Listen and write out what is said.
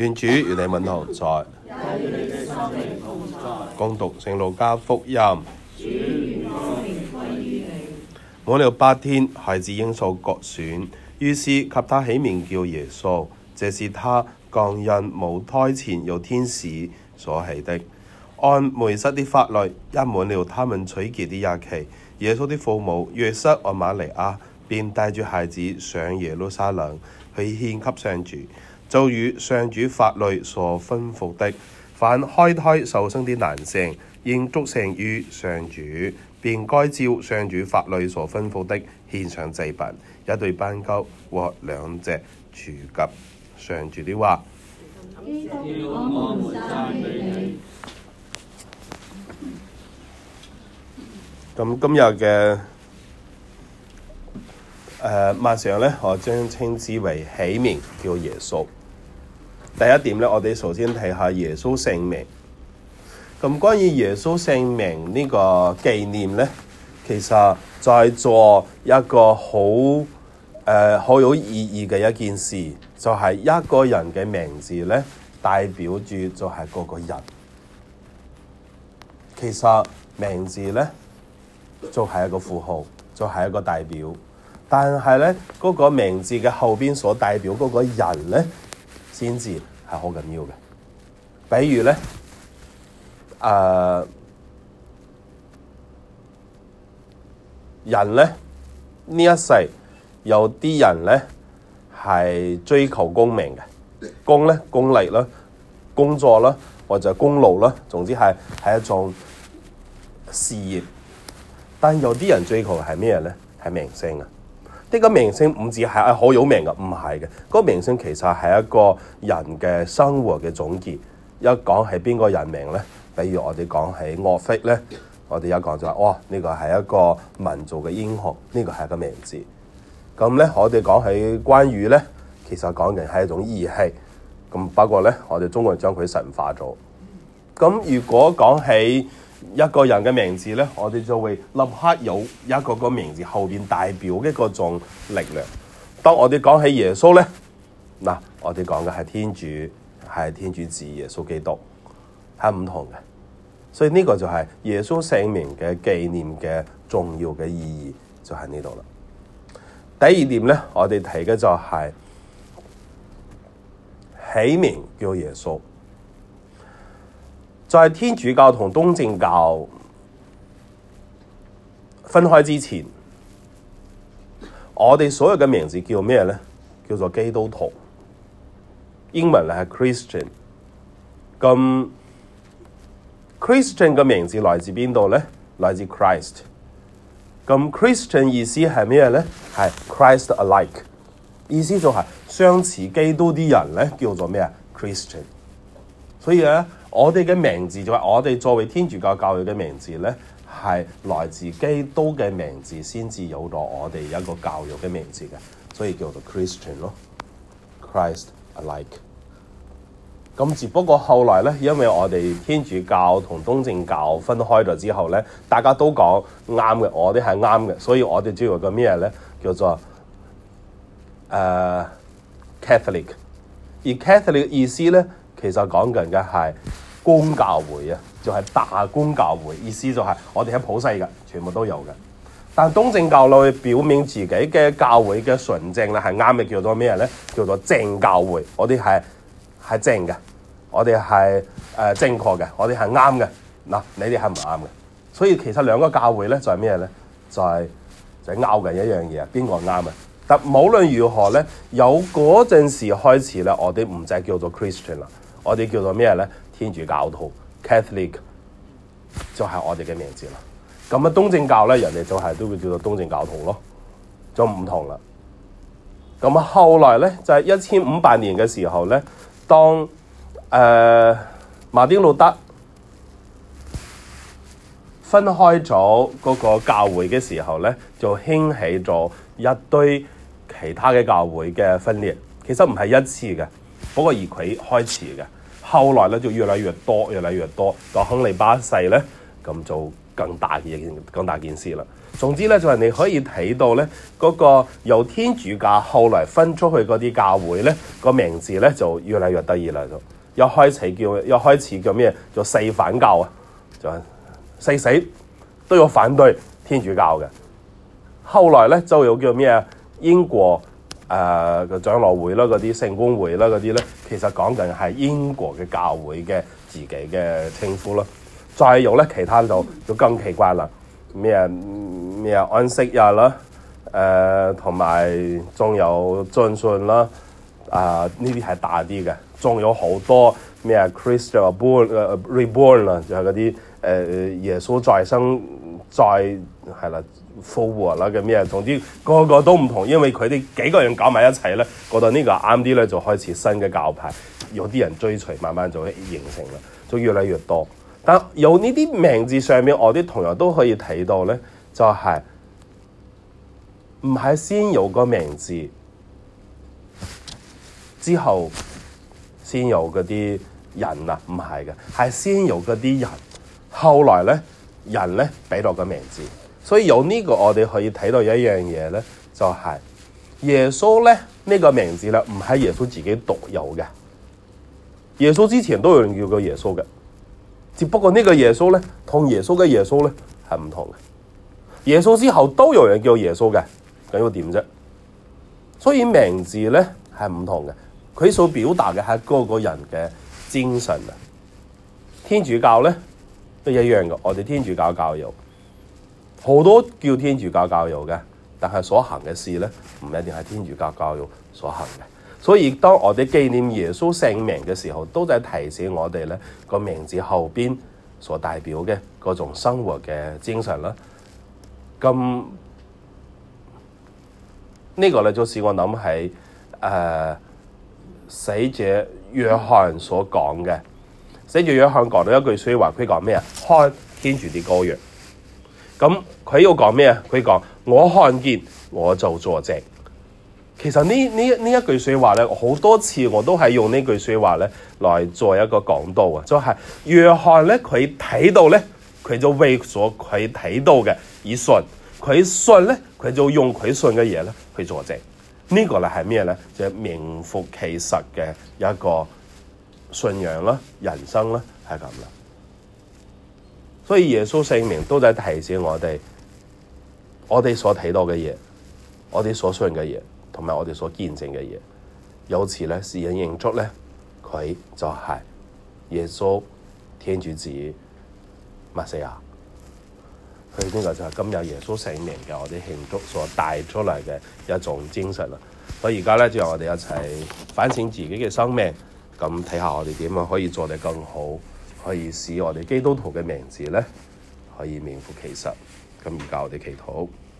願主與你同在，也與你的心靈同在。共讀《聖路加福音》主，主滿了八天，孩子應受割損，於是給他起名叫耶穌，這是他降孕母胎前由天使所起的。按梅瑟的法律，一滿了他們取潔的日期，耶穌的父母約瑟和瑪利亞便帶住孩子上耶路撒冷去獻給上主。就如上主法律所吩咐的，凡開胎受生的男性，應祝成於上主，便該照上主法律所吩咐的獻上祭品，一對斑鳩或兩隻雛鴿。上主的話。咁今日嘅晚上呢，我將稱之為起名叫耶穌。第一點咧，我哋首先睇下耶穌聖名。咁關於耶穌聖名呢個紀念咧，其實在做一個好誒好有意義嘅一件事，就係、是、一個人嘅名字咧，代表住就係嗰個人。其實名字咧，就係一個符號，就係一個代表。但係咧，嗰、那個名字嘅後邊所代表嗰個人咧，先至。係好緊要嘅。比如咧，誒、呃、人咧，呢一世有啲人咧係追求功名嘅，功咧功利啦、工作啦，或者功勞啦，總之係係一種事業，但有啲人追求嘅係咩咧？係名聲啊！呢個明星五字係啊好有名㗎，唔係嘅。嗰、那個明星其實係一個人嘅生活嘅總結。一講起邊個人名咧？比如我哋講起岳飛咧，我哋一講就話、是：哇，呢、這個係一個民族嘅英雄，呢、這個係一個名字。咁咧，我哋講起關羽咧，其實講嘅係一種義氣。咁不過咧，我哋中國將佢神化咗。咁如果講起，一個人嘅名字咧，我哋就會立刻有一個個名字後邊代表嘅嗰種力量。當我哋講起耶穌咧，嗱，我哋講嘅係天主，係天主子耶穌基督，係唔同嘅。所以呢個就係耶穌聖名嘅紀念嘅重要嘅意義，就喺呢度啦。第二點咧，我哋睇嘅就係、是、起名叫耶穌。在天主教同東正教分開之前，我哋所有嘅名字叫咩咧？叫做基督徒，英文咧係 Christian。咁 Christian 嘅名字來自邊度咧？來自 Christ。咁 Christian 意思係咩咧？係 Christ alike，意思就係相似基督啲人咧，叫做咩啊？Christian。所以咧、啊。我哋嘅名字就係我哋作為天主教教育嘅名字咧，係來自基督嘅名字先至有咗我哋一個教育嘅名字嘅，所以叫做 Christian 咯，Christ-like。咁 Christ 只不過後來咧，因為我哋天主教同東正教分開咗之後咧，大家都講啱嘅，我哋係啱嘅，所以我哋就有個咩咧？叫做誒、呃、Catholic。而 Catholic 嘅意思咧？其實講緊嘅係公教會啊，就係大公教會。意思就係我哋喺普世嘅，全部都有嘅。但東正教內表面自己嘅教會嘅純正咧，係啱嘅，叫做咩咧？叫做正教會。我哋係係正嘅，我哋係誒正確嘅，我哋係啱嘅嗱。你哋係唔啱嘅，所以其實兩個教會咧就係咩咧？就係、係、就拗、係、緊一樣嘢啊！邊個啱啊？但無論如何咧，有嗰陣時開始咧，我哋唔淨係叫做 Christian 啦。我哋叫做咩咧？天主教徒 Catholic 就係我哋嘅名字啦。咁啊，東正教咧，人哋就係、是、都會叫做東正教徒咯，就唔同啦。咁啊，後來咧就係一千五百年嘅時候咧，當誒、呃、馬丁路德分開咗嗰個教會嘅時候咧，就興起咗一堆其他嘅教會嘅分裂。其實唔係一次嘅，不過而佢開始嘅。後來咧就越嚟越多，越嚟越多。個亨利八世咧，咁就更大嘅件更大件事啦。總之咧就人、是、哋可以睇到咧，嗰、嗰個由天主教後來分出去嗰啲教會咧，嗰個名字咧就越嚟越得意啦。就一開始叫一開始叫咩？叫四反教啊，就四死都有反對天主教嘅。後來咧就有叫咩啊？英國誒嘅長樂會啦，嗰啲聖公會啦，嗰啲咧。其實講緊係英國嘅教會嘅自己嘅稱呼咯，再有咧，其他就就更奇怪啦，咩咩安息日啦，誒同埋仲有浸信啦，啊、呃呃、呢啲係大啲嘅，仲有好多咩 Christ born reborn 啊，就係嗰啲誒耶穌再生。再係啦，復活啦嘅咩啊？總之個個個都唔同，因為佢哋幾個人搞埋一齊咧，覺得呢個啱啲咧，就開始新嘅教派。有啲人追隨，慢慢就會形成啦，就越嚟越多。但有呢啲名字上面，我啲同學都可以睇到咧，就係唔係先有個名字之後先有嗰啲人啊？唔係嘅，係先有嗰啲人，後來咧。人咧畀落個名字，所以有呢個我哋可以睇到一樣嘢咧，就係、是、耶穌咧呢、呢個名字啦，唔係耶穌自己獨有嘅。耶穌之前都有人叫過耶穌嘅，只不過呢個耶穌咧同耶穌嘅耶穌咧係唔同嘅。耶穌之後都有人叫耶穌嘅，咁又點啫？所以名字咧係唔同嘅，佢所表達嘅係嗰個人嘅精神啊。天主教咧。都一樣嘅，我哋天主教教育好多叫天主教教育嘅，但係所行嘅事咧，唔一定係天主教教育所行嘅。所以當我哋紀念耶穌聖名嘅時候，都在提醒我哋咧個名字後邊所代表嘅嗰種生活嘅精神啦。咁呢、這個咧就是我諗係誒死者若翰所講嘅。寫住約翰講到一句説話，佢講咩啊？看天主的羔羊，咁佢要講咩啊？佢講我看見我就作證。其實呢呢呢一句説話咧，好多次我都係用呢句説話咧來做一個講道啊！就係、是、約翰咧，佢睇到咧，佢就為咗佢睇到嘅而信，佢信咧，佢就用佢信嘅嘢咧去作證。這個、呢個咧係咩咧？就是、名副其實嘅一個。信仰啦、啊，人生啦、啊，係咁啦，所以耶穌聖名都在提醒我哋，我哋所睇到嘅嘢，我哋所信嘅嘢，同埋我哋所見證嘅嘢，由此咧是人認出咧佢就係耶穌天主子默西亞，所以呢個就係今日耶穌聖名嘅我哋慶祝所帶出嚟嘅一種精神啦。所以而家咧就由我哋一齊反省自己嘅生命。咁睇下我哋點樣可以做得更好，可以使我哋基督徒嘅名字咧，可以名副其實。咁而家我哋祈禱。